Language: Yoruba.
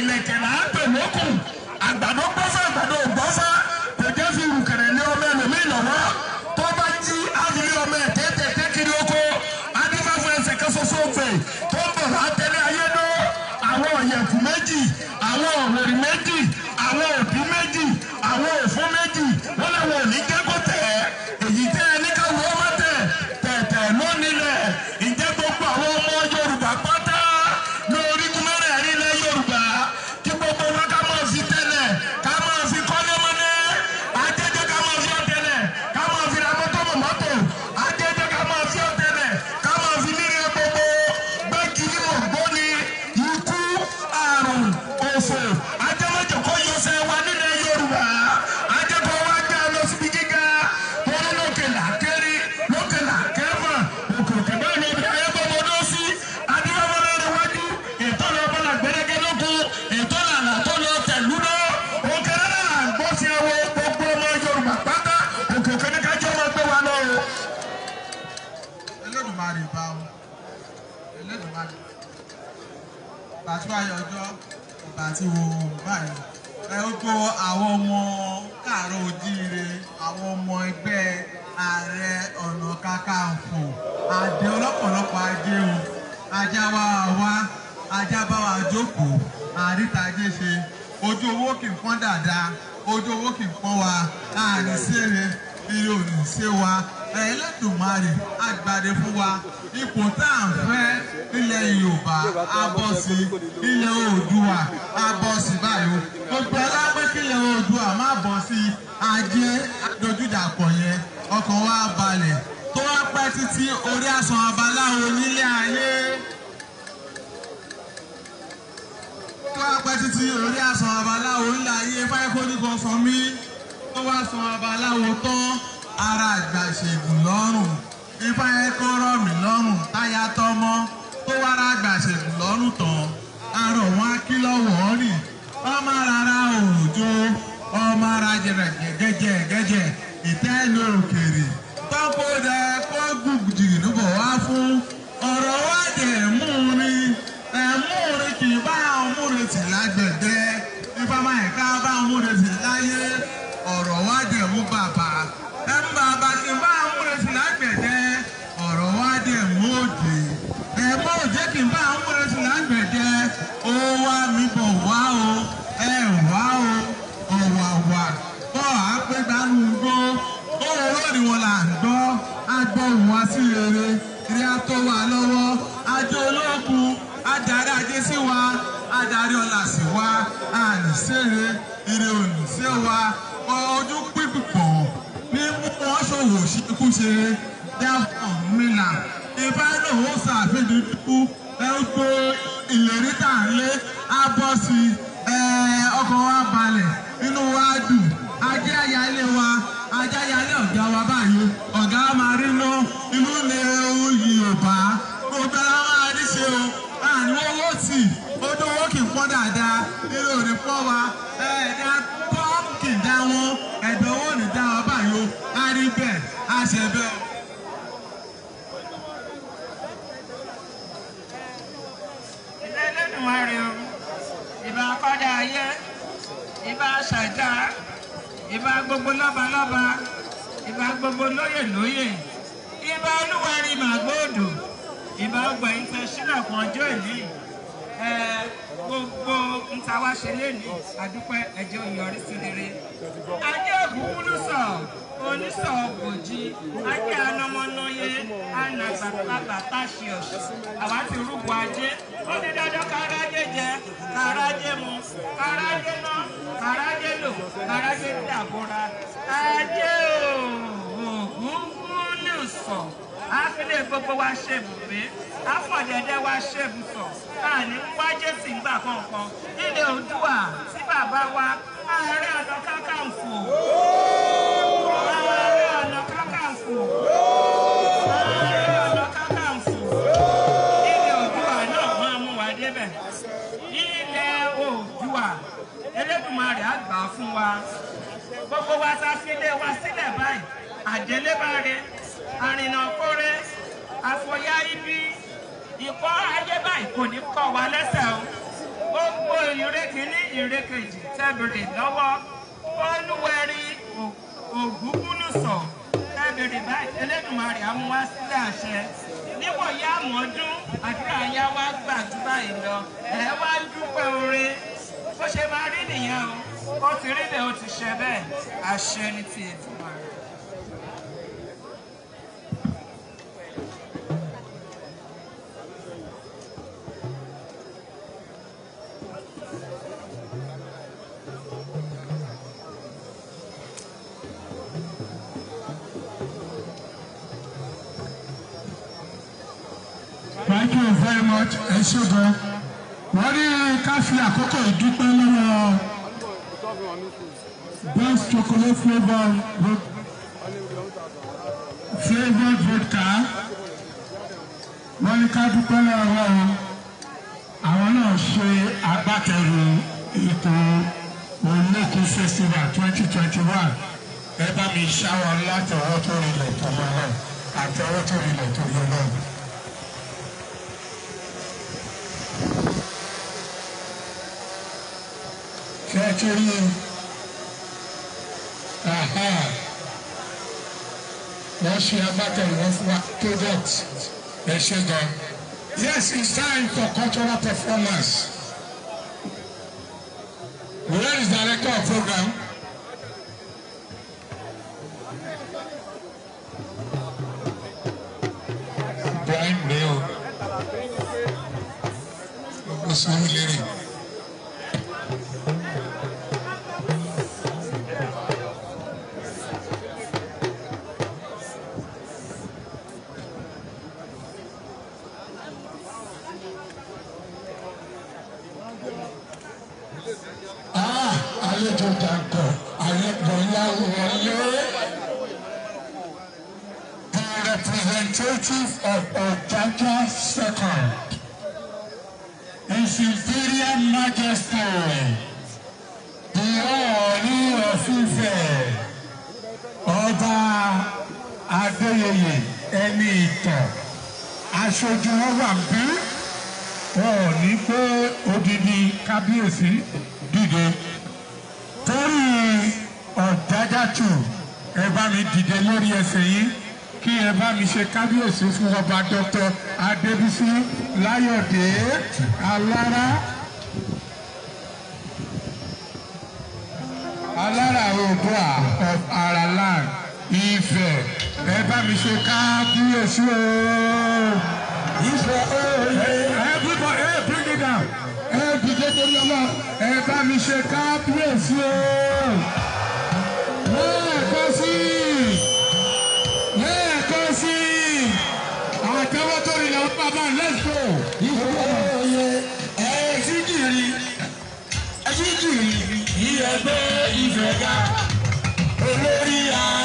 ìlẹ̀kẹ̀ là á pè lókù àgbàdo gbọ́sà àgbàdo gbọ́sà kò jẹ́ fi rùkẹ̀rẹ̀ lé ọmọ ẹlòmíì lọ́wọ́ tó bá jí àdìrí ọmọ ẹ̀ tẹ́tẹ̀ẹ́tẹ́ kiri oko adífáfọ́ ẹsẹ̀ kẹsọ́sọ́ fè tó ń bọ̀ látẹ́lẹ̀ ayédó àwọn ọ̀yẹ̀kù méjì àwọn òwèrè méjì àwọn òbí méjì àwọn òfó méjì pàtó àyọjọ́ ọba àti òòrùn báyìí ẹ gbọ́ àwọn ọmọ káàárọ̀ oòjíire àwọn ọmọ ẹgbẹ́ ààrẹ ọ̀nà kakanfò àdé ọlọ́pọ̀lọpọ̀ ajé o ajá wa wá ajá bá wa jókòó àrítajé ṣe ojú owó kì í pọ́n dáadáa ojú owó kì í pọ́n wa àrìn sí èrè ire ò wa Ẹlẹ́dùmarè àgbàdé fún wa ipò tá à ń fẹ́ ilẹ̀ Yorùbá abọ́sí ilẹ̀ Oòduà abọ́sí báyìí gbogbo alágbé kílẹ̀ Oòduà má bọ́ sí ajé dojúdàpọ̀ yẹn ọkàn wa balẹ̀ tó wá pẹ́ títí orí àsán abaláwo nílé ayé. tó wá pẹ́ títí orí àsán abaláwo nílé ayé fáyẹ́kọ́ ní kan sọ mí tó wá sọ abaláwo tán ara àgbà ṣègùn lọ́rùn ifá ẹ̀kọ́ rọ̀ mí lọ́rùn táyà tọmọ tó wá ra àgbà ṣègùn lọ́rùn tán arọ̀ wọn á kí lọ́wọ́ rìn ọmọ rárá òòjó ọmọ ara jẹjẹjẹ gẹjẹ ìtẹ́lu òkèrè tọ́kọ̀dẹ kó gbùgbùdì níbọ̀ wá fún. oníire ire òní sí wa ojú pípọ̀ ní mú ṣòwò ṣíkú ṣe dáfọ̀ mìlà ìfẹ́ náà ó ṣàfihàn dúdú ẹ ń gbé ìlérí tà lé abọ́ sí ọkọ̀ wa balẹ̀ inú wa dùn. ìbà gbogbo lọ́balọ́ba ìbà gbogbo lóyè lóyè ìbà olúwarí màgbóòdù ìbà ọgbà ìfẹ́ ṣínà kan ọjọ́ ìlú gbogbo ntawa ṣe lẹ́nu àdúpẹ́ ẹ̀jẹ̀ òyọrí sí rere. ajé ògúnmúlùsọ̀ onísọ̀ ògòjì ajé anamọ́nọ́yé anàgbàgbà táṣì ọ̀ṣù àwa ti rúbọ ajé ó ní dandan kárájé jẹ kárájé mu kárájé Bàràgẹ́dẹ́ àbọ̀ra ajé òògùn ní sọ̀ ápẹ́lẹ̀ gbogbo wa ṣe ibùgbé áfọ̀dẹ̀dẹ̀ wa ṣe ibùsọ̀ káàní wájé sì gbà kọ̀ọ̀kan nílẹ̀ Oòduà sí bàbá wa ààrẹ àdọ́kákàǹfò. fún wa gbogbo wa ta sílé wa sílẹ̀ báyìí àjẹlébáre àrìnàkórè àfọyá ibi ìkọ́ ayé báyìí kò ní kọ̀ wá lẹ́sẹ̀ o gbogbo ìrèké ní ìrèkejì tẹ́bìrì lọ́wọ́ olúwẹ̀rí ògúngúnùsọ tẹ́bìrì báyìí Elédùmarè á sílẹ̀ àṣẹ níwọ̀nyí àmọ́dún àdúrà yá wá gbàdúrà yìí lọ ẹ̀ wá dúpẹ́ oore bó ṣe máa rí nìyẹn o ó ti rí bẹ́ẹ̀ ó ti ṣe bẹ́ẹ̀ àṣẹ ní ti ètò rẹ̀. Thank you very much. Ẹ ṣé gan. Wọ́n ní ká fi àkókò ìdúpẹ́ lọ́wọ́. Best chocolate flavor flavored vodka wọ́n ní ká dúpẹ́ lọ́wọ́ àwọn náà ṣe agbátẹrù ètò olókun festival twenty twenty one ẹ bá mi ṣáwọ́ láti ọwọ́ tó rinlẹ̀ tó yọ náà àti ọwọ́ tó rinlẹ̀ tó yọ ti rí i wọ́n ṣe agbátẹ̀lẹ̀ wọn fún wa product ẹ ṣe gan. yes it's time for cultural performance. where is director of program. Brian Mayo. Gbogbo sanwó lérè. àlejò jàǹkọ̀ àlejò ńlá wọlé. The representative of Ojaja Second, His Imperial Majesty, the Ọọ̀ni of Ife, Ọba Adéyẹyè ẹni ìtàn, aṣojú wọn wà wọn ò ní pé odidi kábíyèsí dìde torí ọ̀dájàtù ẹ bá mi dìde lórí ẹsẹ̀ yìí kí ẹ bá mi ṣe kábíyèsí fún ọba dr adébísí láyọ̀dé alára alára oòdùà of our land Ifẹ̀ ẹ bá mi ṣe kábíyèsí o Ifẹ̀ ooo torí ọlọ́run ẹ bá mi ṣe kábíyèsí o. lẹ́ẹ̀kan sí i lẹ́ẹ̀kan sí i àwọn tó rí làwọn bàbá let's go. ìfowópamọ́ ẹ ṣí kiri ẹ ṣí kiri ìyẹn ìfẹ́ ga olórí àá.